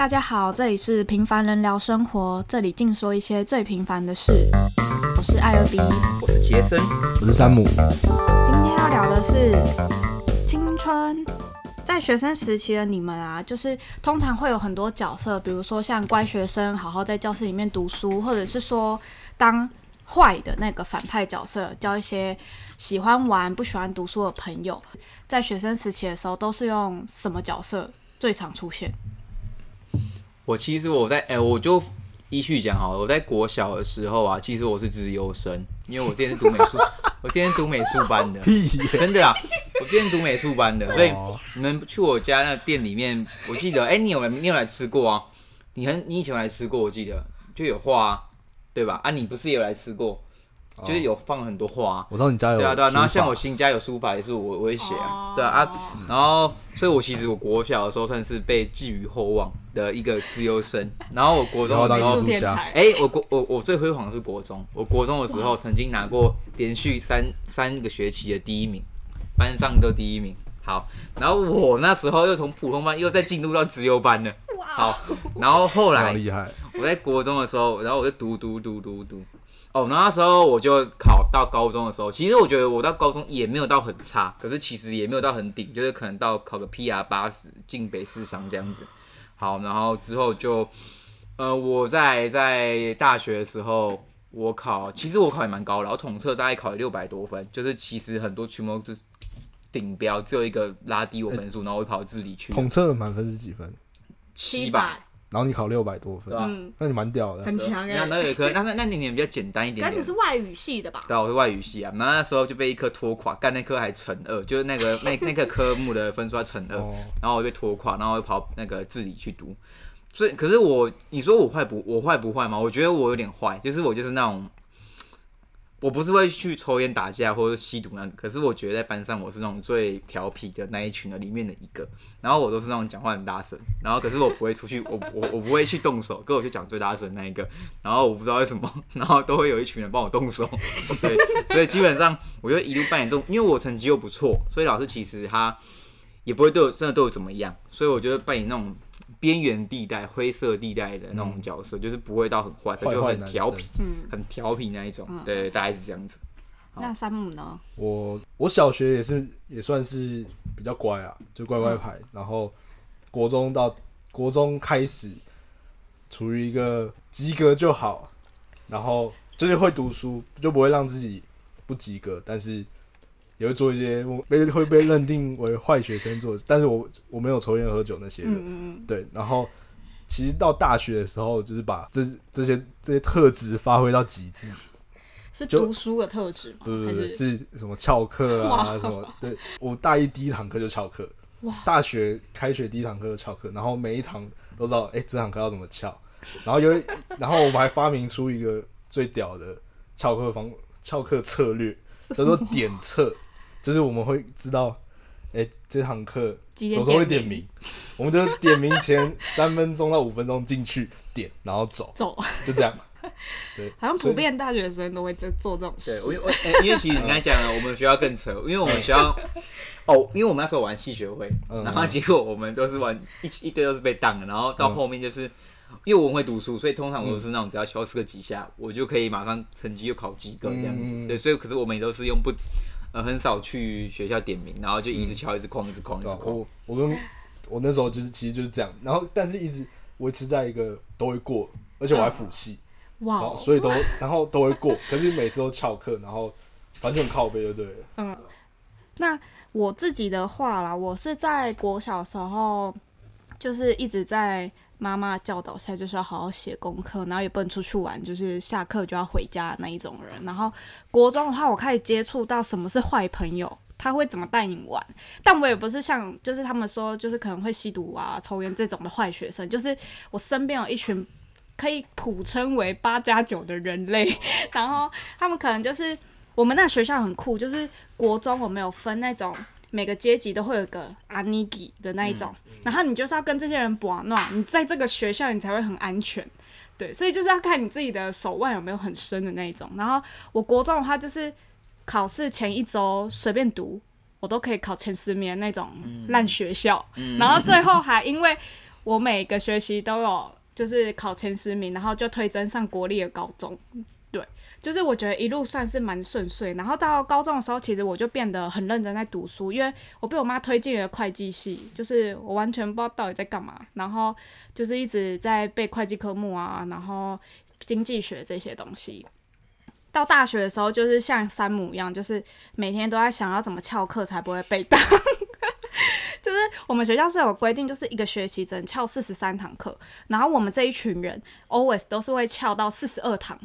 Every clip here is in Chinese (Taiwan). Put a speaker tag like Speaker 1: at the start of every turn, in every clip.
Speaker 1: 大家好，這裡是平凡人聊生活，這裡淨說一些最平凡的事。我是艾爾比，
Speaker 2: 我是傑森、啊，我是山姆。
Speaker 1: 啊、今天要聊的是青春，在學生時期的你們啊，就是通常會有很多角色，比如說像乖學生，好好在教室裡面讀書，或者是說當壞的那個反派角色，交一些喜歡玩、不喜歡讀書的朋友。在學生時期的時候，都是用什麼角色最常出現？
Speaker 3: 我其實我在哎、欸，我就依序講好了。我在國小的時候啊，其實我是資優生，因為我之前是讀美術， 我之前是讀美術班的，真的啊，我之前是讀美術班的。所以你們去我家那店裡面，我記得哎、欸，你有來，你有來吃過啊？你很，你以前來吃過，我記得就有花、啊，對吧？啊，你不是也有來吃過？就是有放很多花，我知道你家有。對啊，對啊，啊、然後像我新家有書法，也是我我會寫啊。對啊，啊然後所以，我其實我國小的時候算是被寄予厚望的一個資優生，然後我國中的時候，才。哎，我國我，我我最輝煌的是國中，我，我，我，我，我，我國中的時候曾經拿過連續三三個學期的第一名，班上都第一名。好，然後我那時候又從普通班又再進入到資優班了。好，然後後來厲害，我在國中的時候，然後我就讀讀讀讀讀，讀。哦，那時候我就考到高中的時候，其實我覺得我到高中也沒有到很差，可是其實也沒有到很頂，就是可能到考個 PR 八十進北市商這樣子。好，然後之後就，呃，我在在大學的時候，我考，其實我考也蠻高，然後統測大概考了六百多分，就是其實很多區模就頂標只有一個拉低我分數，欸、然後我跑到私立去。統測滿分是幾分？七百。然後你考六百多分，嗯，那你蠻屌的，很強哎、欸。科，那個、個那那那比較簡單一點，點。那你是
Speaker 1: 外語系的吧？對，
Speaker 3: 我是外語系啊。然後那時候就被一科拖垮，幹那科還乘二，就是那個那那個科目的分數還乘二， 然後我被拖垮，然後我跑那個字理去讀。所以，可是我，你說我壞不？我壞不壞嗎？我覺得我有點壞，就是我就是那種。我不是會去抽煙、打架或者吸毒那種、個，可是我覺得在班上我是那種最調皮的那一群的裡面的一個。然後我都是那種講話很大聲，然後可是我不會出去，我我我不會去動手，跟我就講最大聲那一個。然後我不知道為什麼，然後都會有一群人幫我動手。對，所以基本上我就一路扮演這種，因為我成績又不錯，所以老師其實他也不會對我真的對我怎麼樣，所以我覺得扮演那種。邊緣地帶、灰色地帶的那種角色，嗯、就是不會到很壞，壞壞的男生他就很調皮，嗯、很調皮那一種。嗯、對，對，對，大概是這樣子。
Speaker 1: 那山姆呢？
Speaker 2: 我我小學也是也算是比較乖啊，就乖乖牌。嗯、然後國中到國中開始，處於一個及格就好，然後就是會讀書，就不會讓自己不及格，但是。也會做一些我被會被認定為壞學生做的，但是我我沒有抽菸喝酒那些的，嗯嗯對。然後其實到大學的時候，就是把這這些這些特質發揮到極致，是讀
Speaker 1: 書的特質嗎？不就是，
Speaker 2: 是什麼翹課啊？什麼？哇 對，我大一第一堂課就翹課，哇 大學開學第一堂課就翹課，然後每一堂都知道，哎、欸，這堂課要怎麼翹？然後有， 然後我們還發明出一個最屌的翹課方翹課策略，叫做點測。就是我們會知道，哎、欸，這堂課老師會點名，天天我們就點名前三分鐘到五分鐘進去點，然後走，走，就這樣嘛。對，好像普遍
Speaker 1: 的大學生都會在做這種事。欸、因為其實你剛才
Speaker 3: 講了，嗯、我們學校更扯，因為我們學校 哦，因為我們那時候玩系學會，嗯啊、然後結果我們都是玩一一堆都是被當的，然後到後面就是，嗯、因為我們會讀書，所以通常我都是那種只要消失個幾下，嗯、我就可以馬上成績又考及格這樣子。嗯、對，所以可是我們也都是用不。嗯、很少去學校點名，然後就一直翹、嗯，一直曠，一直曠，一直曠。我我跟，我
Speaker 2: 那時候就是其實就是這樣，然後但是一直維持在一個都會過，而且我還輔系，哇、嗯，所以都然後都會過， 可是每次都翹課，然後反正很靠背就對了，對不
Speaker 1: 對？嗯。那我自己的話啦，我是在國小時候，就是一直在。媽媽教導下就是要好好寫功課，然後也不能出去玩，就是下課就要回家那一種人。然後國中的話，我開始接觸到什麼是壞朋友，他會怎麼帶你玩。但我也不是像就是他們說就是可能會吸毒啊、抽菸這種的壞學生。就是我身邊有一群可以普稱為八加九的人類，然後他們可能就是我們那學校很酷，就是國中我沒有分那種。每個階級都會有個阿尼基的那一種，嗯嗯、然後你就是要跟這些人搏弄，你在這個學校你才會很安全，對，所以就是要看你自己的手腕有沒有很深的那一種。然後我國中的話，就是考試前一周隨便讀，我都可以考前十名的那種爛學校，嗯、然後最後還因為我每個學期都有就是考前十名，然後就推甄上國立的高中，對。就是我覺得一路算是蠻順遂，然後到高中的時候，其實我就變得很認真在讀書，因為我被我媽推進了會計系，就是我完全不知道到底在幹嘛，然後就是一直在背會計科目啊，然後經濟學這些東西。到大學的時候，就是像山姆一樣，就是每天都在想要怎麼翹課才不會被當。 就是我們學校是有規定，就是一個學期只能翹四十三堂課，然後我們這一群人 always 都是會翹到四十二堂。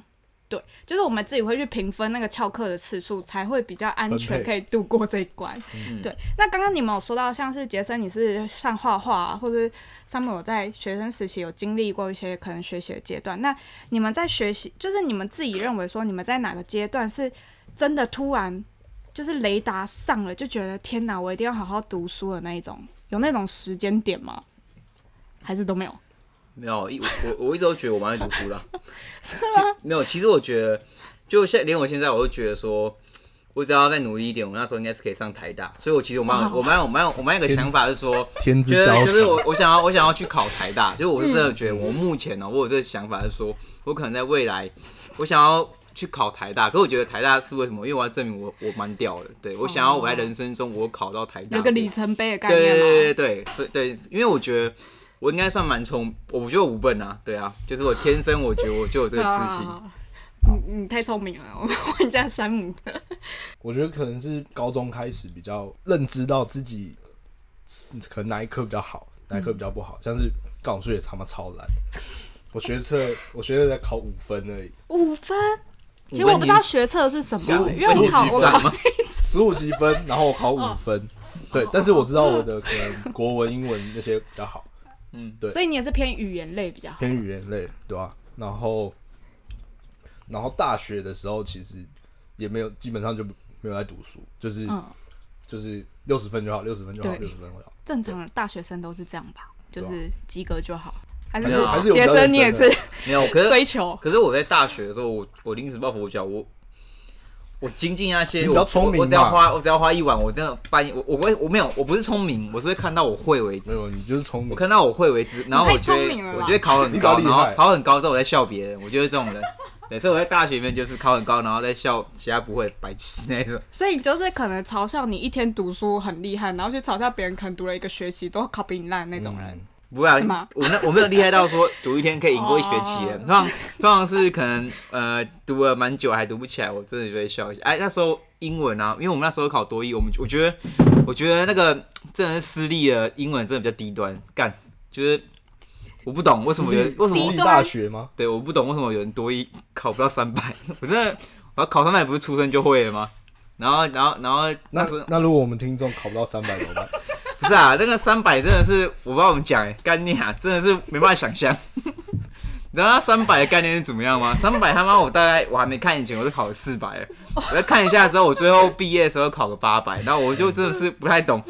Speaker 1: 對，就是我們自己會去評分那個翹課的次數，才會比較安全，可以度過這一關。配對，那剛剛你們有說到，像是傑森你是上畫畫，啊，或者是上面有在學生時期有經歷過一些可能學習的階段。那你們在學習，就是你們自己認為說，你們在哪個階段是真的突然就是雷達上了，就覺得天哪，我一定要好好讀書的那一種，有那種時間點嗎？還是都沒有？
Speaker 3: 沒有，一我我一直都覺得我蠻在讀書啦。是嗎？沒有，其實我覺得，就現連我現在我都覺得說，我只要再努力一點，我那時候應該是可以上台大。所以，我其實我們我媽我媽我媽有一個想法是說，天，天之驕就，就是我，我想要我想要去考台大，就是、我真的覺得我目前哦、喔，我有這個想法是說，我可能在未來，我想要去考台大。可是我覺得台大是為什麼？因為我要證明我我蠻屌的，對、哦、我想要我在人生中我考到台大那個
Speaker 1: 里程碑的概念、
Speaker 3: 哦，對對，對對對，因為我覺得。我應該算蠻聰，我覺得不笨啊，對啊，就是我天生我覺得我就有這個自信。啊、好你
Speaker 1: 你太聰明了，我們家山姆。
Speaker 2: 我覺得可能是高中開始比較認知到自己，可能哪一科比較好，哪一科比較不好，嗯、像是高數也他媽超難，我學測我學測才考五分而已。
Speaker 1: 五分？其實我不知道學測是什麼、欸，分因為我考，欸、考我考
Speaker 2: 十五級分，然後我考五分，哦、對，但是我知道我的可能國文、英文那些比較好。嗯，對，所以
Speaker 1: 你也是偏語言類比較好
Speaker 2: 偏語言類，對吧？啊？然後，然後大學的時候其實也沒有，基本上就沒有在讀書，就是、嗯、就是六十分
Speaker 3: 就好，六十分就好，
Speaker 1: 六十對分就好。正常的大學生都是這樣吧，就是及格就好，啊、還是還是傑森，你也是沒有我
Speaker 3: 是追求。可是我在大學的時候我，我我臨時抱佛腳，我。我精進那些我，我只要花我只要花一晚，我真的半夜我我會我沒有我不是聰明，我是會看到我會為止。沒有，你就是聰明。我看到我會為止，然後我覺得聰明了，我覺得考很高，然後考很高之後我在笑別人。我就是這種人，每次 我在大學裡面就是考很高，然後在笑其他不會白痴那種。
Speaker 1: 所以你就是可能嘲笑你一天讀書很厲害，然後去嘲笑別人可能讀了一個學期都考比你爛那種人。嗯
Speaker 3: 不會、啊，嗎我那我沒有厲害到說讀一天可以贏過一學期的，哦、通常通常是可能呃讀了蠻久了還讀不起來，我真的就會笑一下。哎，那時候英文啊，因為我們那時候考多益，我們我覺得我覺得那個真的是私立的英文真的比較低端，幹就是我不懂為什麼有，立為什麼大學嗎？對，我不懂為什麼有人多益考不到三百，我真的，我要考三百不是出生就會了嗎？然後然後然後，然後那時候那,那如果我們聽眾考不到三百怎麼辦？不是啊，那個三百真的是，我不知道怎麼講概念啊，真的是沒辦法想象。 你知道三百的概念是怎麼樣嗎？三百他媽我大概我還沒看以前，我就考了四百，我在看一下的時候，我最後畢業的時候考了八百，然後我就真的是不太懂。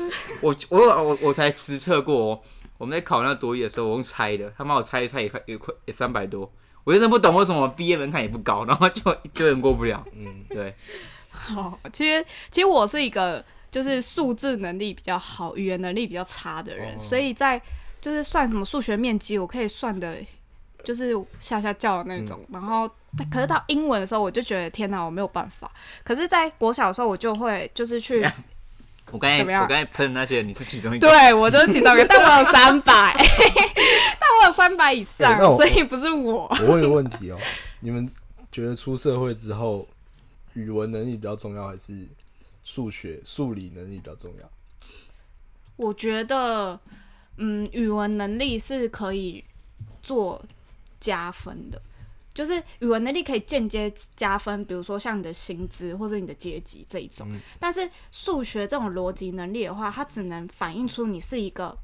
Speaker 3: 我我我我才實測過、哦，我們在考那個多益的時候，我用猜的，他媽我猜一猜也快也快也三百多，我真的不懂為什麼畢業門檻也不高，然後就一堆人過不了。嗯，對。
Speaker 1: 好，其實其實我是一個。就是數字能力比較好，語言能力比較差的人，所以在就是算什麼數學面積，我可以算的，就是嚇嚇叫的那種。然後可是到英文的時候，我就覺得天哪，我沒有辦法。可是，在國小的時候，我就會就是去。
Speaker 3: 我剛才我剛才噴那些，你是其中一個，對，
Speaker 1: 我就是其中一個，但我有三百，但我有三百以上，所以不是我。我問
Speaker 2: 個問題哦，你們覺得出社會之後，語文能力比較重要還是？數學、數理能力比較重要。
Speaker 1: 我覺得，嗯，語文能力是可以做加分的，就是語文能力可以間接加分，比如說像你的薪資或者你的階級這一種。嗯、但是數學這種邏輯能力的話，它只能反映出你是一個，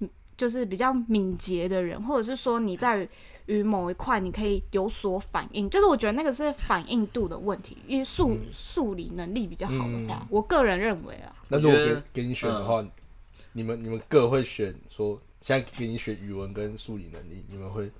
Speaker 1: 嗯，就是比較敏捷的人，或者是說你在。與某一塊你可以有所反應，就是我覺得那個是反應度的問題。因為數、嗯、數理能力比較好的話，嗯、我個人認為啊，那如果給
Speaker 2: 給你選的話，嗯、你們你們各會選說，現在給你選語文跟數理能力，你們會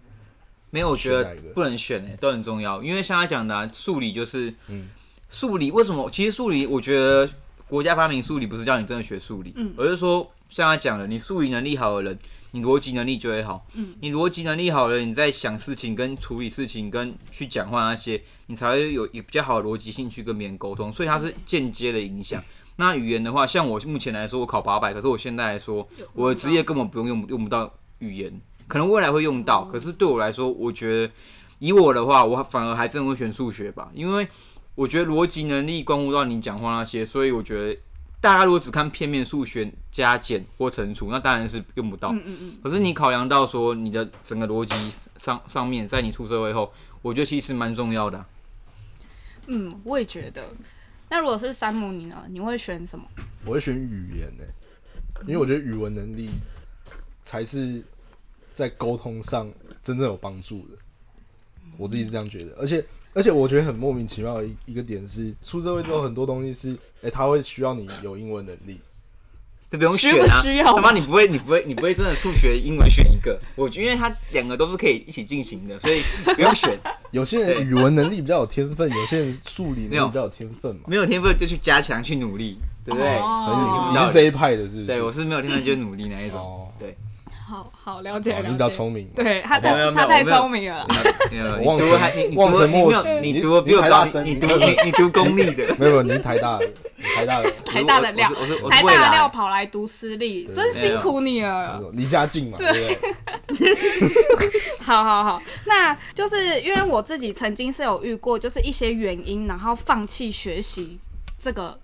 Speaker 3: 沒有、嗯？我覺得不能選誒、欸，都很重要。因為像他講的、啊，數理就是、嗯、數理為什麼？其實數理，我覺得國家發明數理不是叫你真的學數理，嗯、而是說像他講的，你數理能力好的人，你邏輯能力就會好，你邏輯能力好了，你在想事情，跟處理事情，跟去講話那些，你才會有比較好的邏輯性去跟別人溝通，所以它是間接的影響。那語言的話，像我目前來說，我考八百，可是我現在來說，我的職業根本不用用用不到語言，可能未來會用到，嗯、可是對我來說，我覺得以我的話，我反而還是會選數學吧，因為我覺得邏輯能力關乎到你講話那些，所以我覺得。大家如果只看片面數學加減或乘除，那當然是用不到。嗯嗯嗯。嗯嗯，可是你考量到說你的整個邏輯上上面，在你出社會後，我覺得其實蠻重要的、啊。
Speaker 1: 嗯，我也覺得。那如果是山姆你呢？你會選什麼？
Speaker 3: 我會選語言
Speaker 2: 誒、欸，因為我覺得語文能力才是在溝通上真正有幫助的。我自己是這樣覺得，而且。而且我覺得很莫名其妙的一一個點是，出社會之後很多東西是，哎、欸，他會需要你有英文能力，
Speaker 3: 就不用選啊。需要他媽你不會，你不會，你不會真的數學英文選一個，我覺得因為他兩個都是可以一起進行的，所以不用選。
Speaker 2: 有些人語文能力比較有天分，對有些人
Speaker 3: 數理能力比較有天分嘛，沒有，沒有天分就去加強去努力，對不對？Oh. 所以你，你是這一派的是不是？對，我是沒有天分就努力那一種，oh. 對。
Speaker 1: 好好了解，你比較聰明。對，他太他太聰明了，哈哈。我讀還你讀沒有？你讀沒有？你
Speaker 3: 讀
Speaker 2: 你讀公立的沒有？你台大台大的，
Speaker 1: 台大的料，台大的料跑來讀私立，真辛苦你了。
Speaker 2: 離家近嘛？對。
Speaker 1: 好好好，那就是因為我自己曾經是有遇過，就是一些原因，然後放棄學習這個，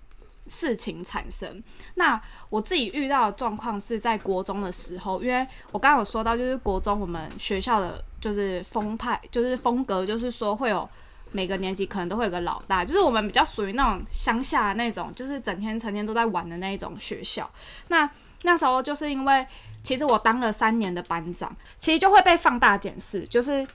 Speaker 1: 事情產生，那我自己遇到的狀況是在國中的時候，因為我剛剛有說到，就是國中我們學校的就是風派就是風格，就是說會有每個年級可能都會有個老大，就是我們比較屬於那種鄉下的那種，就是整天成天都在玩的那種學校。那那時候就是因為，其實我當了三年的班長，其實就會被放大檢視，就是。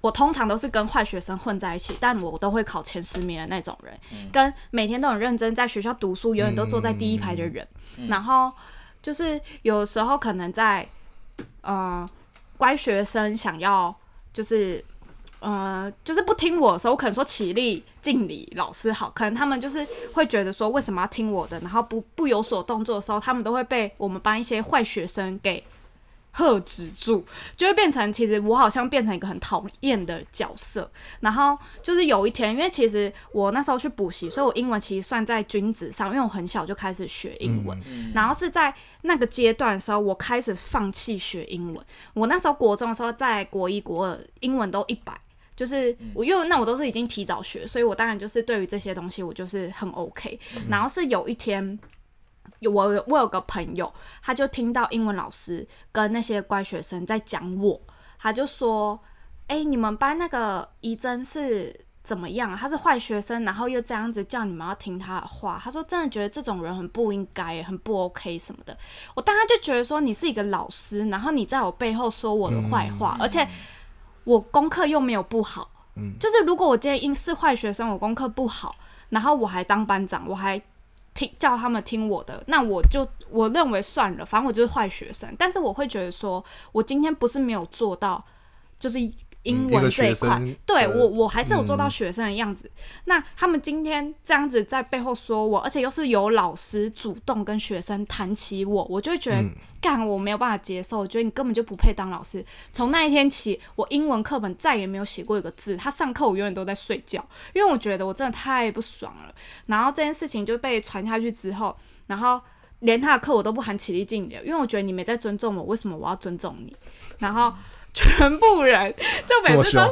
Speaker 1: 我通常都是跟壞學生混在一起，但我都會考前十名的那種人，跟每天都很認真在學校讀書、永遠都坐在第一排的人。嗯、然後就是有時候可能在呃乖學生想要就是呃就是不聽我的時候，我可能說起立敬禮老師好，可能他們就是會覺得說為什麼要聽我的，然後不不有所動作的時候，他們都會被我們班一些壞學生給。喝止住，就會變成其實我好像變成一個很討厭的角色。然後就是有一天，因為其實我那時候去補習，所以我英文其實算在君子上，因為我很小就開始學英文。嗯嗯然後是在那個階段的時候，我開始放棄學英文。我那時候國中的時候，在國一、國二，英文都一百，就是我因為那我都是已經提早學，所以我當然就是對於這些東西我就是很 OK。然後是有一天。我有我，我有個朋友，他就聽到英文老師跟那些乖學生在講我，他就說：“哎、欸，你們班那個怡珍是怎麼樣、啊？他是壞學生，然後又這樣子叫你們要聽他的話。”他說：“真的覺得這種人很不應該，很不 OK 什麼的。”我當然就覺得說：“你是一個老師，然後你在我背後說我的壞話，嗯、而且我功課又沒有不好，嗯，就是如果我今天因是壞學生，我功課不好，然後我還當班長，我還。”聽，叫他們聽我的，那我就我認為算了，反正我就是壞學生。但是我會覺得說，我今天不是沒有做到，就是。英文這一塊，對、嗯、我我還是有做到學生的樣子。嗯、那他們今天這樣子在背後說我，而且又是由老師主動跟學生談起我，我就覺得幹、嗯、我沒有辦法接受，我覺得你根本就不配當老師。從那一天起，我英文課本再也沒有寫過一個字。他上課我永遠都在睡覺，因為我覺得我真的太不爽了。然後這件事情就被傳下去之後，然後連他的課我都不喊起立敬禮，因為我覺得你沒在尊重我，為什麼我要尊重你？然後。嗯全部人就每
Speaker 2: 次
Speaker 1: 都，因為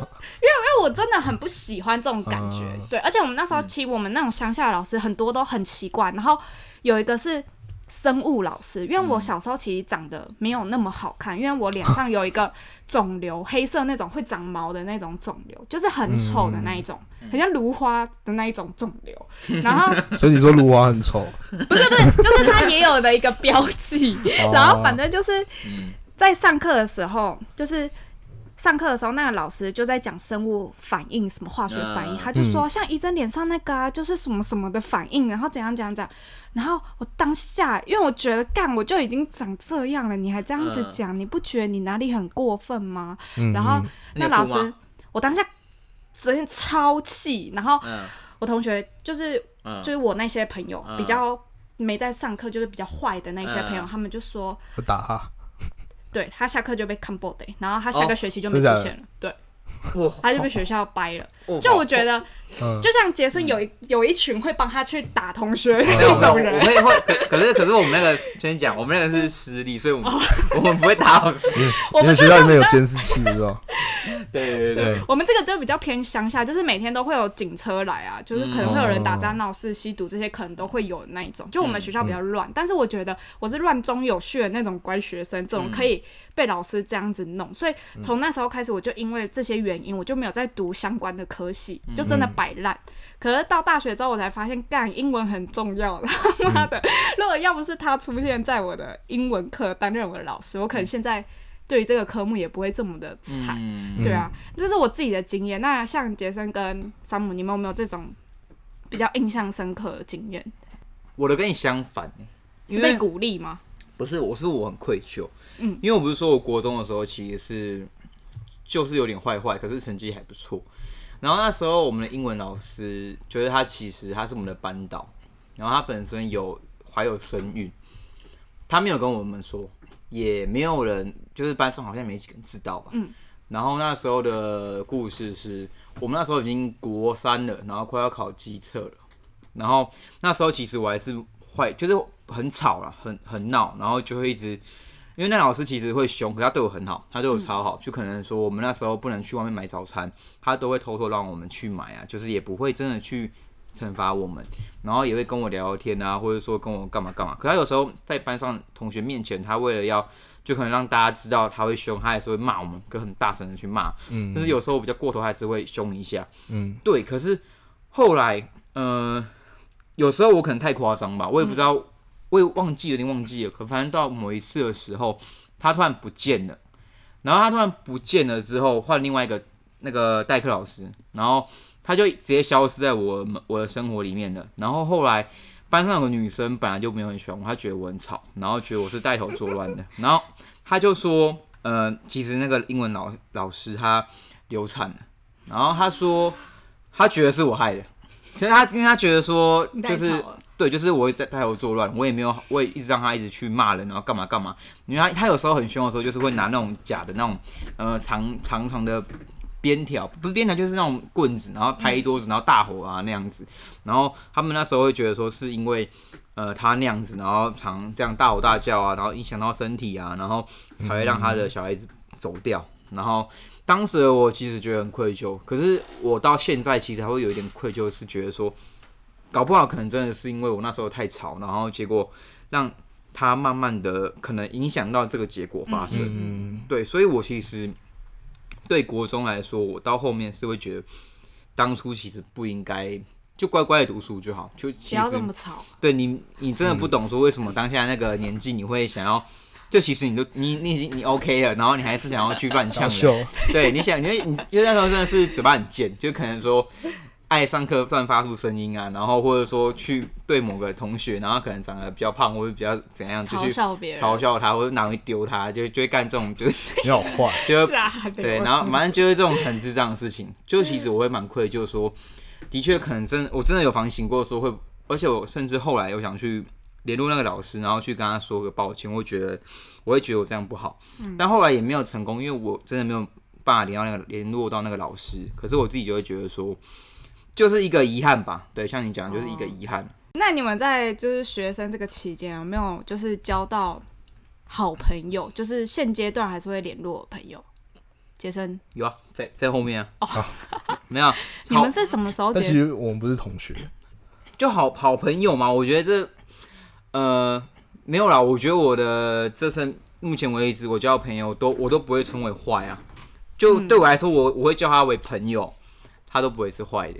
Speaker 1: 因為我真的很不喜歡這種感覺，啊、對。而且我們那時候其實我們那種鄉下的老師很多都很奇怪，然後有一個是生物老師，因為我小時候其實長得沒有那麼好看，嗯、因為我臉上有一個腫瘤， 黑色那種會長毛的那種腫瘤，就是很醜的那一種，嗯、很像如花的那一種腫瘤。然後
Speaker 2: 所以你說如花很醜？不是
Speaker 1: 不是，就是它也有的一個標記， 然後反正就是。嗯在上課的時候，就是上課的時候，那個老師就在講生物反應，什麼化學反應，他就說像怡珍臉上那個啊，就是什麼什麼的反應，然後怎樣怎樣怎樣，然後我當下因為我覺得幹我就已經長這樣了，你還這樣子講，你不覺得你哪裡很過分嗎？然後那老師，我當下真的超氣，然後我同學就是就是我那些朋友比較沒在上課，就是比較壞的那些朋友，他們就說不打啊對，他下課就被砍板的，然後他下個學期就沒出現了，哦、對。哦，他就被學校掰了。就我覺得，就像傑森有有一群會幫他去打同學的那種
Speaker 3: 人。可可是可是我們那個先講，我們那個是私立，所以我們我們不會打老師。
Speaker 2: 我們學校沒有監視器，知道。對
Speaker 3: 對對。
Speaker 1: 我們這個就比較偏鄉下，就是每天都會有警車來啊，就是可能會有人打架鬧事、吸毒這些，可能都會有那一種。就我們學校比較亂，但是我覺得我是亂中有序的那種乖學生，怎麼可以被老師這樣子弄。所以從那時候開始，我就因為這些，原因，我就沒有在讀相關的科系，就真的擺爛。嗯、可是到大學之後，我才發現，幹英文很重要了。媽的，嗯、 如果要不是他出現在我的英文課擔任我的老師，我可能現在對於這個科目也不會這麼的慘。嗯、對啊，這是我自己的經驗。那像傑森跟山姆，你們有沒有這種比較印象深刻的經驗？
Speaker 3: 我的跟你相反，你被鼓勵嗎？不是，我是我很愧疚。嗯，因為我不是說，我國中的時候其實是。就是有點壞壞，可是成績還不錯。然後那時候我們的英文老師覺得、就是、他其實他是我們的班導，然後他本身有懷有身孕，他沒有跟我們說，也沒有人，就是班上好像沒幾個人知道吧。嗯、然後那時候的故事是我們那時候已經國三了，然後快要考基測了。然後那時候其實我還是壞，就是很吵了，很很鬧，然後就會一直。因為那老師其實會凶，可他對我很好，他對我超好，嗯、就可能說我們那時候不能去外面買早餐，他都會偷偷讓我們去買啊，就是也不會真的去懲罰我們，然後也會跟我聊聊天啊，或者說跟我幹嘛幹嘛。可他有時候在班上同學面前，他為了要就可能讓大家知道他會凶，他還是會罵我們，跟很大聲的去罵。嗯，但是有時候比較過頭他還是會凶一下。嗯，對。可是後來，呃，有時候我可能太誇張吧，我也不知道。嗯我也忘記了，有點忘記了。可反正到某一次的時候，他突然不見了。然後他突然不見了之後，換另外一個那個代課老師，然後他就直接消失在我我的生活裡面了。然後後來班上有個女生本來就沒有很喜歡我，她覺得我很吵，然後覺得我是帶頭作亂的。 然後她就說：“呃，其實那個英文老老師他流產了。”然後她說：“她覺得是我害的。”所以她，其實她因為她覺得說就是。對，就是我在帶頭作亂，我也沒有會一直讓他一直去罵人，然後幹嘛幹嘛。因為他他有時候很凶的時候，就是會拿那種假的那種呃長長長的鞭條，不是鞭條，就是那種棍子，然後拍桌子，然後大吼啊那樣子。然後他們那時候會覺得說，是因為呃他那樣子，然後常這樣大吼大叫啊，然後影響到身體啊，然後才會讓他的小孩子走掉。然後當時我其實覺得很愧疚，可是我到現在其實還會有一點愧疚，是覺得說。搞不好可能真的是因為我那時候太吵，然後結果讓他慢慢的可能影響到這個結果發生。嗯，對，所以我其實對國中來說，我到後面是會覺得，當初其實不應該就乖乖的讀書就好，就其實不要這麼吵。對你，你真的不懂說為什麼當下那個年紀你會想要，嗯、就其實你都你你已經你 OK 了，然後你還是想要去亂嗆。秀對，你想，因為因為那時候真的是嘴巴很賤，就可能說。愛上課亂發出聲音啊，然後或者說去對某個同學，然後可能長得比較胖或者比較怎樣，就去嘲笑別人，嘲笑他或者拿去丟他，就就會幹這種就是，你好壞，是啊
Speaker 1: 就，的對，然後反正就是這種很
Speaker 3: 智障的事情，就其實我會蠻愧疚，說對的確可能真我真的有反省過說會，而且我甚至後來有想去聯絡那個老師，然後去跟他說個抱歉，我會覺得我會覺得我這樣不好，嗯、但後來也沒有成功，因為我真的沒有辦法聯絡那個聯絡到那個老師，可是我自己就會覺得說，就是一個遺憾吧，對，像你講的就是一個遺憾，
Speaker 1: 哦。那你們在就是學生這個期間有沒有就是交到好朋友？就是現階段還是會聯絡朋友？杰森
Speaker 3: 有啊，在在後面啊，哦，沒有。 好你們是什麼時候？但其實我們
Speaker 2: 不是同學，
Speaker 3: 就好好朋友嘛。我覺得這呃沒有啦。我覺得我的這生目前為止，我交的朋友都我都不會稱為壞啊。就對我來說我，我我會叫他為朋友，他都不會是壞的。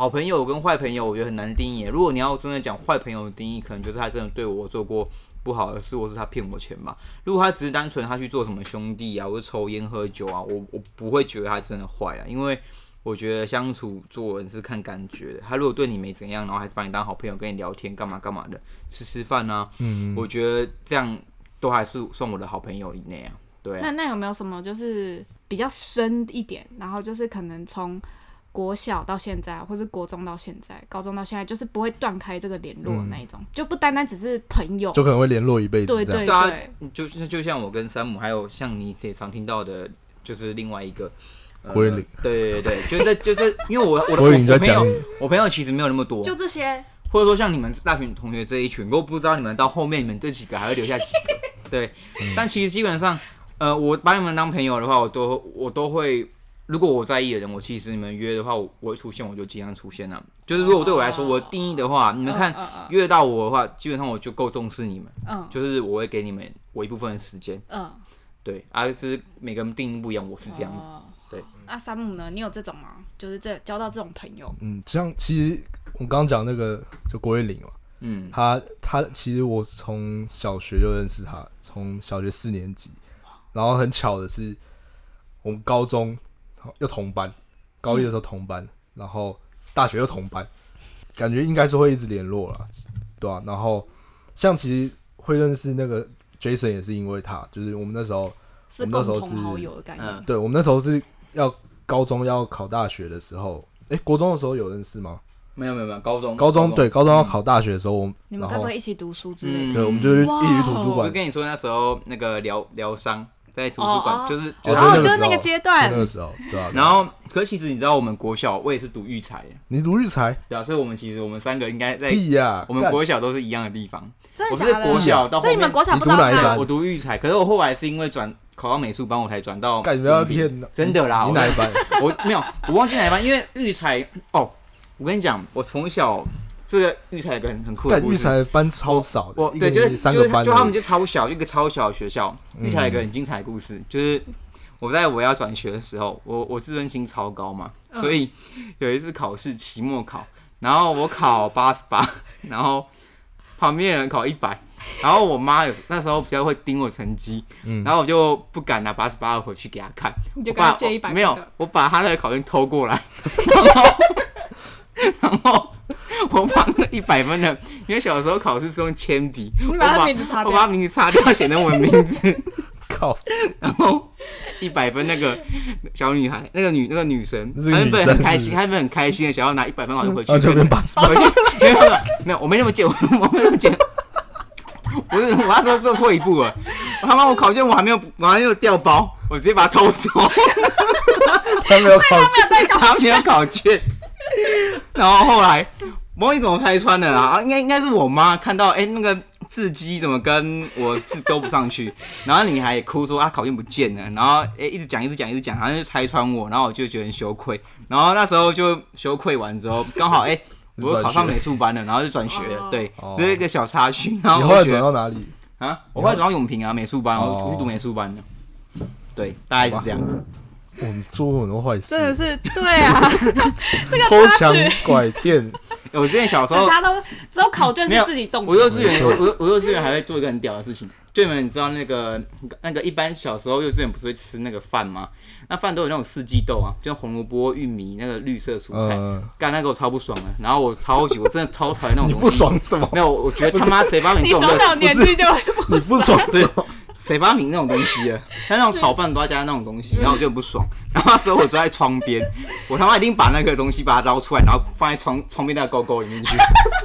Speaker 3: 好朋友跟壞朋友，我覺得很難定義。如果你要真的講壞朋友的定義，可能就是他真的對我做過不好的事，或是他騙我錢嘛。如果他只是單純他去做什麼兄弟啊，或者抽菸喝酒啊，我我不會覺得他真的壞啊，因為我覺得相處做人是看感覺的。他如果對你沒怎樣，然後還是把你當好朋友，跟你聊天幹嘛幹嘛的，吃吃飯啊，嗯，嗯，我覺得這樣都還是算我的好朋友以內啊。對啊，那
Speaker 1: 那有沒有什麼就是比較深一點，然後就是可能從。國小到現在，或是國中到現在，高中到現在，就是不會斷開這個聯絡的那一種，嗯、就不單單只是朋友，就可能會聯絡一輩子。對對對，對啊、
Speaker 3: 就是就像我跟山姆，還有像你也常聽到的，就是另外一個，歸、呃、零。對對對，就這就是 因為我我的朋友，我朋友其實沒有那麼多，就這
Speaker 1: 些，
Speaker 3: 或者說像你們那群同學這一群，我不知道你們到後面你們這幾個還會留下幾個。 對，嗯、但其實基本上，呃，我把你們當朋友的話，我都我都會。如果我在意的人，我其實你們約的話我，我會出現，我就儘量出現了、啊。就是如果對我來說，我定義的話，oh, 你們看 uh, uh, uh. 約到我的話，基本上我就夠重視你們。嗯，uh, 就是我會給你們我一部分的時間。嗯，uh, 對。阿、啊就是每個人定義不一樣，我是這樣子。Uh, uh. 對。
Speaker 1: 阿山、啊、姆呢？你有這種嗎？就是這交到這種朋友。嗯，
Speaker 3: 像
Speaker 2: 其實我剛講那個就郭偉林嘛。嗯。他他其實我從小學就認識他，從小學四年級，然後很巧的是我們高中又同班，高一的時候同班，嗯、然後大學又同班，感覺應該是會一直聯絡了，對啊，然後像其實會認識那個 Jason 也是因為他，就是我們那時候是共同好友，我們那時候的感覺。對，我們那時候是要高中要考大學的時候，哎，國中的時候有認識嗎？沒有
Speaker 3: 沒有沒有，高中高中，高中對，高
Speaker 2: 中要考大學的時候，你
Speaker 1: 們會不會一起讀書之類？嗯、對，我們
Speaker 2: 就去一起去圖書館。嗯、我
Speaker 3: 就跟你說那時候那個療療傷。在圖書館，就是
Speaker 2: 哦，就
Speaker 1: 是那個階段，
Speaker 3: 那個時候，對吧？然後，可其實你知道，我們國小我也是讀育才，你讀育才，對啊，所以我們其實我們三個應該在，我們國小都是一樣的地方。我是國小到，所以你們國小不知道哪？我讀育才，可是我後來是因為轉考到美術班，我才轉到。幹什麼要騙呢？真的啦，你哪一班？我沒有，我忘記哪一班，因為育才。哦，我跟你講，我從小。這個育才有個很很酷的育才
Speaker 2: 班，超少的，對，就是就就他們就
Speaker 3: 超小，一個超小的學校。育才有個很精彩的故事，就是我在我要轉學的時候，我我自尊心超高嘛，所以有一次考試，期末考，然後我考八十八，然後旁邊人考一百，然後我媽有那時候比較會盯我成績，然後我就不敢拿八十八回去給他看，
Speaker 1: 就沒有，
Speaker 3: 我把他的考卷偷過來，然後。我把那一百分的，因為小時候考試是用鉛筆，
Speaker 1: 我把名字擦掉，寫成我的名
Speaker 3: 字，靠，然後一百分那個小女孩，那個女那個女神，還不是很開心，還不是很開心的想要拿一百分好像回去，回去沒有沒有，我沒那麼賤，我我沒那麼賤。不是我那時候做錯一步了，他媽我考卷我還沒有，我還沒有掉包，我直接把它偷走，他沒有考，他沒有考卷，然後後來。我你怎麼拆穿的啊？應該應該是我媽看到，哎、欸，那個字跡怎麼跟我字勾不上去？ 然後你還哭說她，啊、考卷不見了。然後哎、欸，一直講，一直講，一直講，好像就拆穿我。然後我就覺得羞愧。然後那時候就羞愧完之後，剛好哎、欸，我就考上美術班了，然後就轉學了。對，這是一個小插曲。然後我後來轉到哪裡啊？我後來轉到永平啊，美術班，我去讀美術班了。哦、對，大概就是這樣子。
Speaker 2: 我們做很多
Speaker 3: 壞事。
Speaker 1: 真的是對啊， 這個偷搶拐
Speaker 2: 騙。
Speaker 3: 我之前小時候，他都只
Speaker 1: 有考卷是自己動來。我幼稚園，我
Speaker 3: 我幼稚園還會做一個很屌的事情， 就是你們知道那個那個一般小時候幼稚園不是會吃那個飯嗎？那飯都有那種四季豆啊，就像紅蘿蔔、玉米那個綠色蔬菜，呃、幹那個我超不爽的。然後我超級，我真的超討厭那種。你不爽什麼？沒有，我覺得他媽誰幫你種的？你小小年紀就會不，不，你不爽。誰發明那種東西啊，像那種炒飯都要加上那種東西，對然後我就很不爽。然後那時候我坐在窗邊， 我他媽一定把那個東西把它撈出來，然後放在窗窗邊那個溝溝裡面去。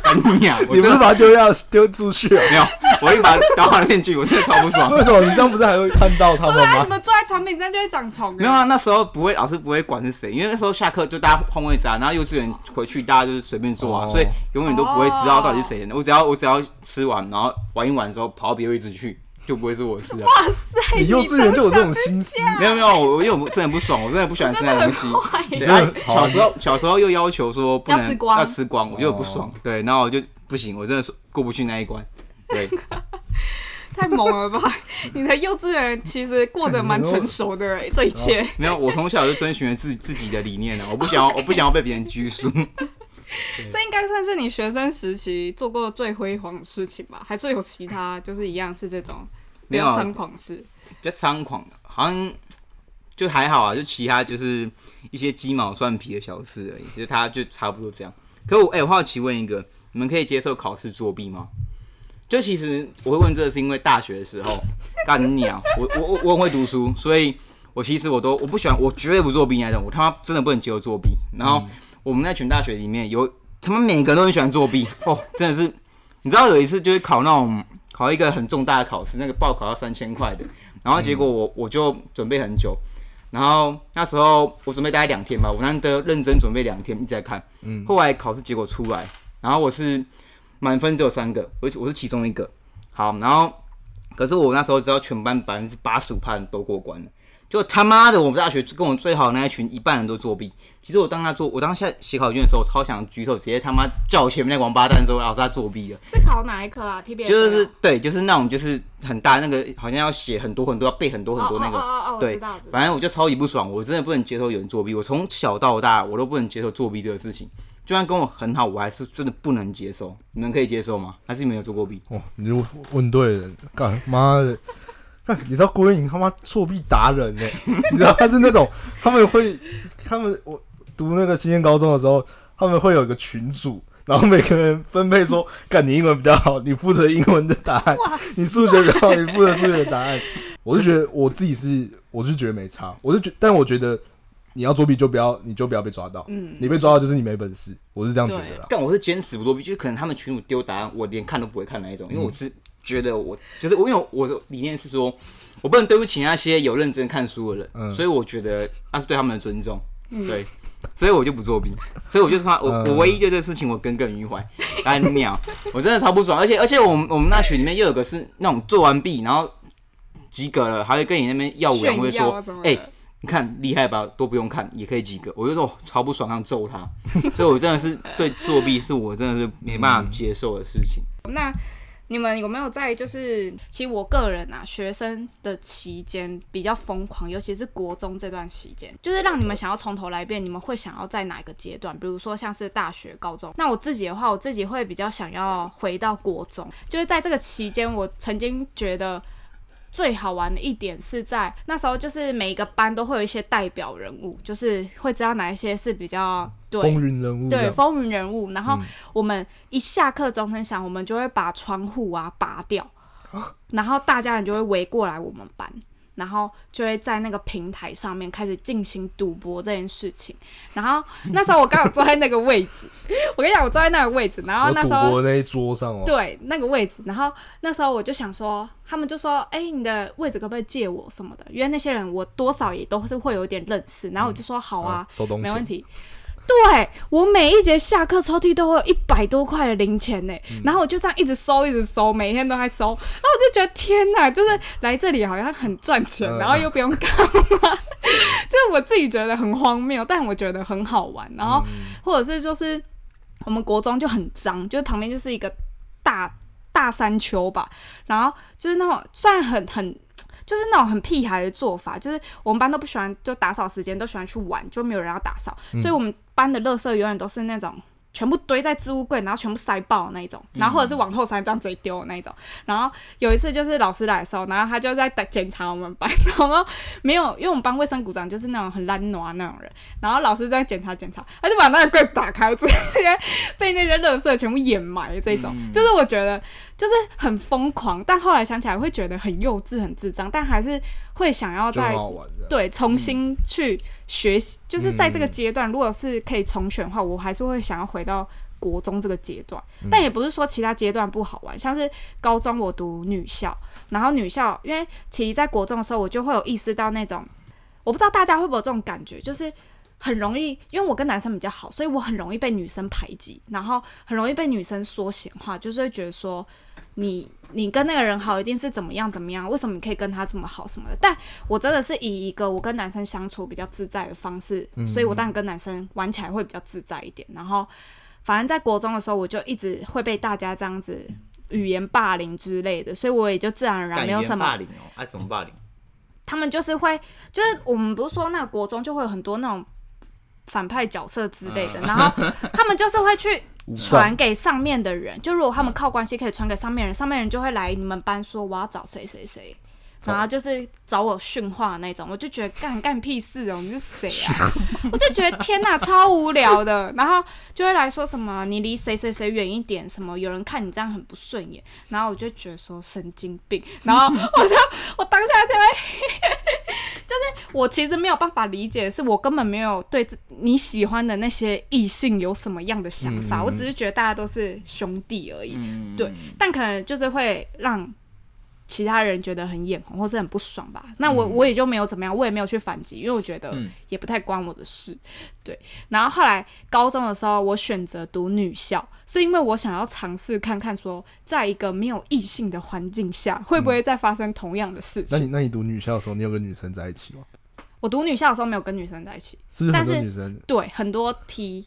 Speaker 3: 很厲 你、啊、你不是把它丟掉丟出去啊？沒有，我一把打好了面具，我真的超不爽。為什麼你這樣不是還會看到他嗎？對啊，你們坐
Speaker 1: 在窗邊，你這樣就會長蟲、欸。沒有啊，
Speaker 3: 那時候不會，老師不會管是誰，因為那時候下課就大家換位置啊，然後幼稚園回去大家就是隨便坐啊，oh. 所以永遠都不會知道到底是誰的。我只要我只要吃完，然後玩一玩的時候跑到別的位置去。就不會是我的事啊！哇塞，你、欸、幼稚園就有這種心思？沒有沒有，我我因為真的不爽，我真的不喜歡吃那東西。小時候小時候又要求說不能要吃，要吃光，我覺得很不爽。對，然後我就不行，我真的過不去那一關。對，
Speaker 1: 太猛了吧？ 你的幼稚園其實過得蠻成熟的，這一切、
Speaker 3: 哦、沒有。我從小就遵循了自自己的理念的，我不想要，Okay. 我不想要被別人拘束。
Speaker 1: 對這應該算是你學生時期做過的最輝煌的事情吧？還是有其他就是一樣是這種比較猖狂事？比
Speaker 3: 較猖狂的，好像就還好啊。就其他就是一些雞毛蒜皮的小事而已。其實他就差不多這樣。可我哎、欸，我好奇問一個，你們可以接受考試作弊嗎？就其實我會問這個是因為大學的時候幹鳥、 啊，我我我我很會讀書，所以我其實我都我不喜歡，我絕對不作弊那種。我他媽真的不能接受作弊。然後。嗯我們在全大學裡面有他們每一個都很喜歡作弊 哦，真的是，你知道有一次就是考那種考一個很重大的考試，那個報考要三千塊的，然後結果我、嗯、我就準備很久，然後那時候我準備待兩天吧，我難得認真準備兩天一直在看，嗯，後來考試結果出來，然後我是滿分只有三個，而且我是其中一個，好，然後可是我那時候知道全班百分之八十五班都過關了。就他媽的，我們大學跟我最好的那一群，一半人都作弊。其實我當他做，我當下寫考卷的時候，我超想舉手，直接他媽叫我前面那個王八蛋說，老師他作弊了。是
Speaker 1: 考哪一科啊？TBS 就是，
Speaker 3: 對，就是那種，就是很大，那個好像要寫很多很多，要背很多很多那個。哦哦哦，oh, oh, oh, 我知道。反正我就超級不爽，我真的不能接受有人作弊。我從小到大我都不能接受作弊這個事情，就算跟我很好，我還是真的不能接受。你們可以接受嗎？還是沒有做過弊？哇、
Speaker 2: 哦，你就問對了，幹媽的。 那你知道郭彥瑩他媽作弊達人呢、欸？你知道他是那種 他們會，他們我讀那個新鮮高中的時候，他們會有一個群組，然後每個人分配說，幹 你英文比較好，你負責英文的答案；哇你數學比較好，哇你負責數學的答案。我就覺得我自己是，我是覺得沒差，我是覺，但我覺得你要作弊就不要，你就不要被抓到。嗯，你被抓到就是你沒本事，我是這樣覺得啦。
Speaker 3: 但我是堅持不作弊，就是、可能他們群組丟答案，我連看都不會看那一種，因為我是。嗯覺得我就是我，因為我，我的理念是說，我不能對不起那些有認真看書的人，嗯、所以我覺得那是對他們的尊重，對，嗯、所以我就不作弊，所以我就是我，呃、我唯一對這個事情我耿耿於懷，哎、呃，秒， 我真的超不爽，而且而且我們我們那群裡面又有個是那種做完弊，然後及格了，還會跟你那邊耀武揚威說，哎、欸，你看厲害吧，都不用看也可以及格，我就說、哦，超不爽，想揍他， 所以我真的是對作弊是我真的是沒辦法接受的事情，
Speaker 1: 嗯、那。你們有沒有在，就是其實我個人啊，學生的期間比較瘋狂，尤其是國中這段期間，就是讓你們想要從頭來一遍。你們會想要在哪個階段？比如說像是大學、高中。那我自己的話，我自己會比較想要回到國中，就是在這個期間，我曾經覺得最好玩的一點是在那時候，就是每一個班都會有一些代表人物，就是會知道哪一些是比較。對風雲人物，對風雲人物。然後我們一下課，鐘聲響，我們就會把窗戶啊拔掉，然後大家人就會圍過來我們班，然後就會在那個平台上面開始進行賭博這件事情。然後那時候我剛好坐在那個位置， 我跟你講，我坐在那個位置。然後那時候那
Speaker 2: 一桌上、哦、對
Speaker 1: 那個位置。然後那時候我就想說，他們就說：“哎、欸，你的位置可不可以借我什麼的？”因為那些人我多少也都是會有點認識。然後我就說：“好啊，嗯、好沒問題。”對，我每一節下課，抽屜都會有一百多塊的零錢呢。嗯、然後我就這樣一直收，一直收，每天都在收。然後我就覺得天哪，就是來這裡好像很賺錢，嗯、然後又不用幹嘛，嗯、 就是我自己覺得很荒謬，但我覺得很好玩。然後或者是就是我們國中就很髒，就是旁邊就是一個大大山丘吧。然後就是那種算很很，就是那種很屁孩的做法，就是我們班都不喜歡，就打掃時間都喜歡去玩，就沒有人要打掃，嗯、所以我們班的垃圾永遠都是那種全部堆在置物櫃，然後全部塞爆的那一種，然後、嗯、或者是往後山這樣直接丟那一種。然後有一次就是老師來的時候，然後他就在檢查我們班，然後沒有，因為我們班衛生組長就是那種很懶惰那種人。然後老師在檢查檢查，他就把那個櫃打開，直接被那些垃圾全部掩埋。這種、嗯、就是我覺得就是很瘋狂，但後來想起來會覺得很幼稚、很智障，但還是會想要再。對，重新去學習，嗯、就是在這個階段，如果是可以重選的話，我還是會想要回到國中這個階段。嗯、但也不是說其他階段不好玩，像是高中我讀女校，然後女校，因為其實在國中的時候，我就會有意識到那種，我不知道大家會不會有這種感覺，就是很容易，因為我跟男生比較好，所以我很容易被女生排擠，然後很容易被女生說閒話，就是會覺得說。你你跟那個人好，一定是怎麼樣怎麼樣？為什麼你可以跟他這麼好什麼的？但我真的是以一個我跟男生相處比較自在的方式，嗯嗯。所以我當然跟男生玩起來會比較自在一點。然後，反正在國中的時候，我就一直會被大家這樣子語言霸凌之類的，所以我也就自然而然沒有什麼霸
Speaker 3: 凌哦，愛怎麼霸凌？
Speaker 1: 他們就是會，就是我們不是說那個國中就會有很多那種。反派角色之類的，然後他們就是會去傳給上面的人，就如果他們靠關係可以傳給上面人，上面人就會來你們班說，我要找誰誰誰。然後就是找我訓話的那種，我就覺得幹幹屁事哦，喔。你是誰啊？ 我就覺得天哪，超無聊的。然後就會來說什麼，你離誰誰誰遠一點，什麼有人看你這樣很不順眼。然後我就覺得說神經病。然後我說 我當下就會， 就是我其實沒有辦法理解，是我根本沒有對你喜歡的那些異性有什麼樣的想法。嗯、我只是覺得大家都是兄弟而已，嗯、對。但可能就是會讓。其他人覺得很眼紅，或是很不爽吧？那我我也就沒有怎麼樣，我也沒有去反擊，因為我覺得也不太關我的事。對。然後後來高中的時候，我選擇讀女校，是因為我想要嘗試看看說，說在一個沒有異性的環境下，會不會再發生同樣的事情。嗯。
Speaker 2: 那你那你讀女校的時候，你有跟女生在一起嗎？
Speaker 1: 我讀女校的時候沒有跟女生在一起。是很多女生對很多 T，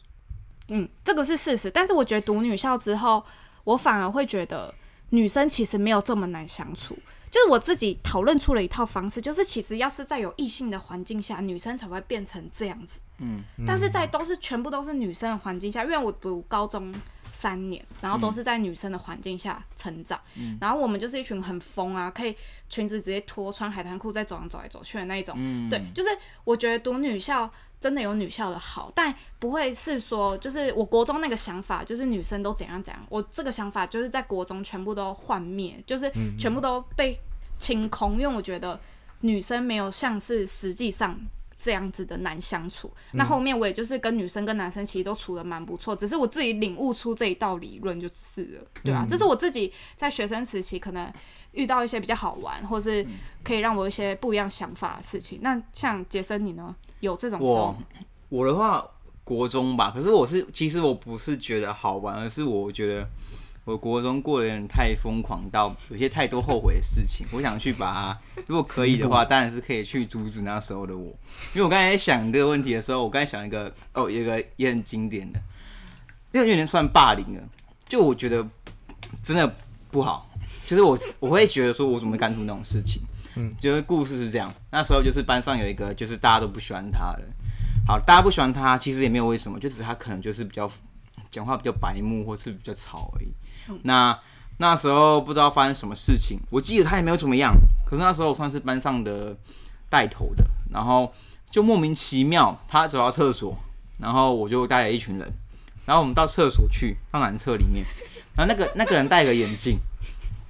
Speaker 1: 嗯，這個是事實。但是我覺得讀女校之後，我反而會覺得。女生其實沒有這麼難相處，就是我自己討論出了一套方式，就是其實要是在有異性的環境下，女生才會變成這樣子。嗯，但是在都是全部都是女生的環境下，因為我讀高中三年，然後都是在女生的環境下成長，嗯，然後我們就是一群很瘋啊，可以裙子直接脫，穿海灘褲在走廊走來走去的那一種。嗯，對，就是我覺得讀女校。真的有女校的好，但不會是說就是我國中那個想法，就是女生都怎樣怎樣。我這個想法就是在國中全部都幻滅，就是全部都被清空，因為我覺得女生沒有像是實際上。這樣子的難相處，那後面我也就是跟女生跟男生其實都處得蠻不錯，嗯、只是我自己領悟出這一道理論就是了，對啊。這、嗯、是我自己在學生時期可能遇到一些比較好玩，或是可以讓我一些不一樣想法的事情。那像傑森你呢？有這種事？
Speaker 3: 我的話，國中吧。可是我是其實我不是覺得好玩，而是我覺得。我國中過得有點太瘋狂到有些太多後悔的事情，我想去把他，如果可以的話，當然是可以去阻止那時候的我。因為我剛才想這個問題的時候，我剛才想一個哦，一個也很經典的，這個有點算霸凌了，就我覺得真的不好。其實我我會覺得說我怎麼會幹出那種事情？嗯，就是故事是這樣，那時候就是班上有一個就是大家都不喜歡他了。好，大家不喜歡他其實也沒有為什麼，就只是他可能就是比較講話比較白目或是比較吵而已。那那時候不知道發生什麼事情，我記得他也沒有怎麼樣。可是那時候我算是班上的帶頭的，然後就莫名其妙，他走到廁所，然後我就帶了一群人，然後我們到廁所去，放男廁裡面，然後那個那個人戴個眼鏡。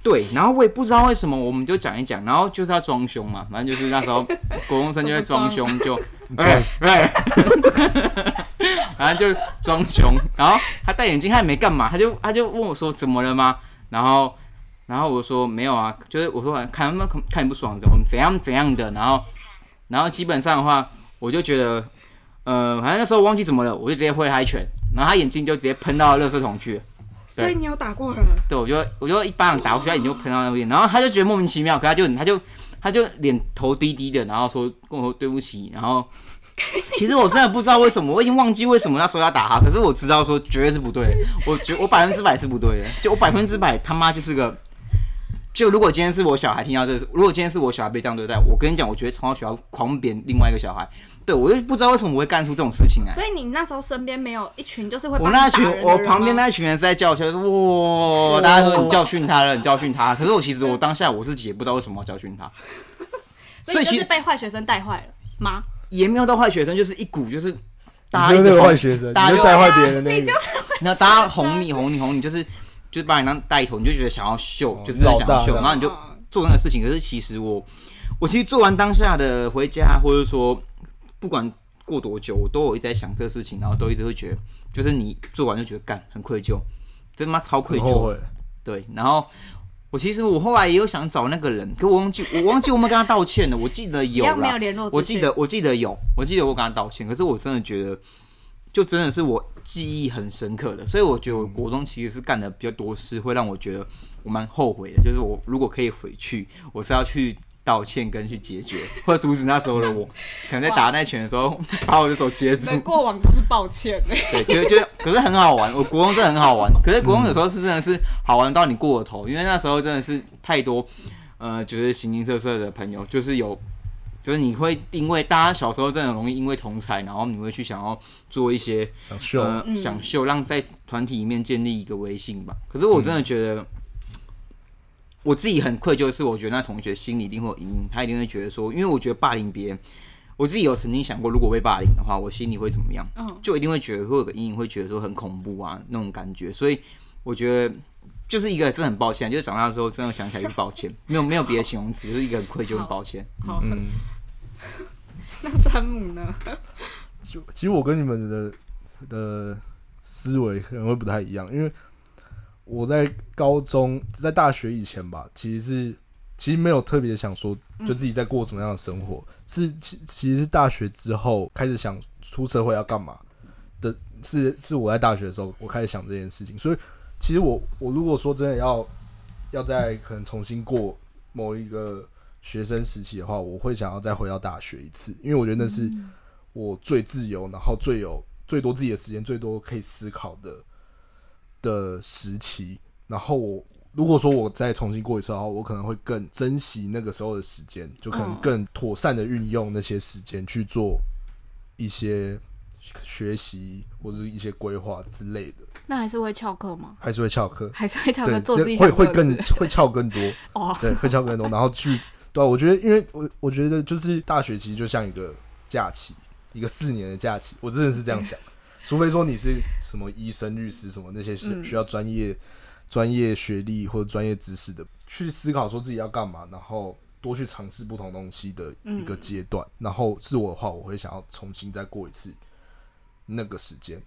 Speaker 3: 對，然後我也不知道為什麼，我們就講一講，然後就是要裝凶嘛，反正就是那時候國龍生就在裝凶，就哎哎，反正就裝凶，然後他戴眼鏡，他也沒幹嘛，他就他就問我說怎麼了嗎？然後然後我說沒有啊，就是我說看他們看你不爽的，我們怎樣怎樣的，然後然後基本上的話，我就覺得呃，反正那時候我忘記怎麼了，我就直接揮他一拳，然後他眼鏡就直接噴到垃圾桶去對所以你
Speaker 1: 有
Speaker 3: 打過了？對，我就我就一巴掌打過去，他眼睛他就噴到那邊，然後他就覺得莫名其妙，可他就他就他就臉頭低低的，然後說：“跟我說對不起。”然後其實我真的不知道為什麼，我已經忘記為什麼那時候要打他，可是我知道說絕對是不對的，我覺我百分之百是不對的，就我百分之百他媽就是個，就如果今天是我小孩聽到這個，如果今天是我小孩被這樣對待，我跟你講，我絕對從小學校狂扁另外一個小孩。對，我就不知道為什麼我會幹出這種事情來、欸。所以
Speaker 1: 你那時候身邊沒有一群就是會幫你打人的人？我那群，我旁邊
Speaker 3: 那一群人在叫起來說，哇！大家說你教訓他了，你教訓他。可是我其實我當下我自己也不知道為什麼要教訓他。
Speaker 1: 所以你就是被壞學生帶壞了
Speaker 3: 嗎？也沒有到壞學生，就是一股就是大家一就是壞學生，大家帶壞別人的、那個啊。你就是那大家哄你哄你哄你，哄你，就是就是把你當帶頭，你就覺得想要秀，就是想秀，哦、然後你就做那個事情。啊、可是其實我，我其實做完當下的回家，或者說。不管過多久，我都有一直在想這個事情，然後都一直會覺得，嗯、就是你做完就覺得幹很愧疚，真他媽超愧疚。對，然後我其實我後來也有想找那個人，可我忘記我忘記我們跟他道歉了。 我記得有啦，有我記得我記得有，我記得我跟他道歉。可是我真的覺得，就真的是我記憶很深刻的，所以我覺得我國中其實是幹的比較多事，會讓我覺得我蠻後悔的。就是我如果可以回去，我是要去。道歉跟去解決，或者阻止那時候的我，可能在打那拳的時候，把我的手截住。哇過
Speaker 1: 往都是抱歉、欸、對，
Speaker 3: 覺得覺得，可是很好玩。我國中真的很好玩，可是國中有時候是真的是好玩到你過了頭，嗯、因為那時候真的是太多，呃，就是形形色色的朋友，就是有，就是你會因為大家小時候真的容易因為同儕，然後你會去想要做一些想秀、呃，想秀，讓在團體裡面建立一個威信吧。可是我真的覺得。嗯我自己很愧疚，是我覺得那同學心裡一定會有陰影，他一定會覺得說，因為我覺得霸凌別人，我自己有曾經想過，如果被霸凌的話，我心裡會怎麼樣？就一定會覺得會有個陰影，會覺得說很恐怖啊那種感覺。所以我覺得就是一個真的很抱歉，就是長大的時候真的想起來就抱歉，沒有沒有別的形容詞，好就是一個很愧疚，很抱歉。好嗯。
Speaker 1: 那山姆呢？
Speaker 2: 其實我跟你們的的思維可能會不太一樣，因為。我在高中、在大學以前吧，其實是其實沒有特別想說，就自己在過什麼樣的生活。嗯。是其其實是大學之後開始想出社會要幹嘛的，是是我在大學的時候，我開始想這件事情。所以其實我我如果說真的要要再可能重新過某一個學生時期的話，我會想要再回到大學一次，因為我覺得那是我最自由，然後最有最多自己的時間，最多可以思考的的時期，然後我如果說我再重新過一次的話，我可能會更珍惜那個時候的時間，就可能更妥善的運用那些時間去做一些學習或者是一些規劃之類的。那
Speaker 1: 還是會翹課
Speaker 2: 嗎？還是會翹課？還是會翹課？對做自己會會更會翹更多哦，對，會翹更多，然後去對啊，我覺得，因為我我覺得就是大學其實就像一個假期，一個四年的假期，我真的是這樣想。 除非說你是什麼醫生、律師什麼那些是需要專業、嗯、專業學歷或者專業知識的，去思考說自己要幹嘛，然後多去嘗試不同東西的一個階段。嗯、然後自我的話，我會想要重新再過一次那個時間。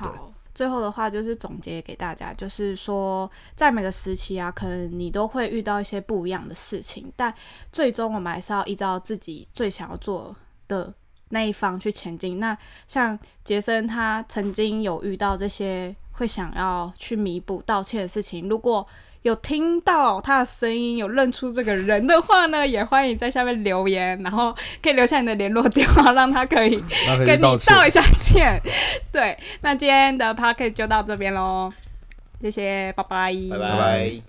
Speaker 2: 對。好，
Speaker 1: 最後的話就是總結給大家，就是說在每個時期啊，可能你都會遇到一些不一樣的事情，但最終我們還是要依照自己最想要做的。那一方去前進。那像傑森，他曾經有遇到這些會想要去彌補道歉的事情。如果有聽到他的聲音，有認出這個人的話呢， 也歡迎在下面留言，然後可以留下你的聯絡電話，讓他可以跟你道一下歉。歉對，那今天的 podcast 就到這邊嘍，謝謝，拜拜，拜拜。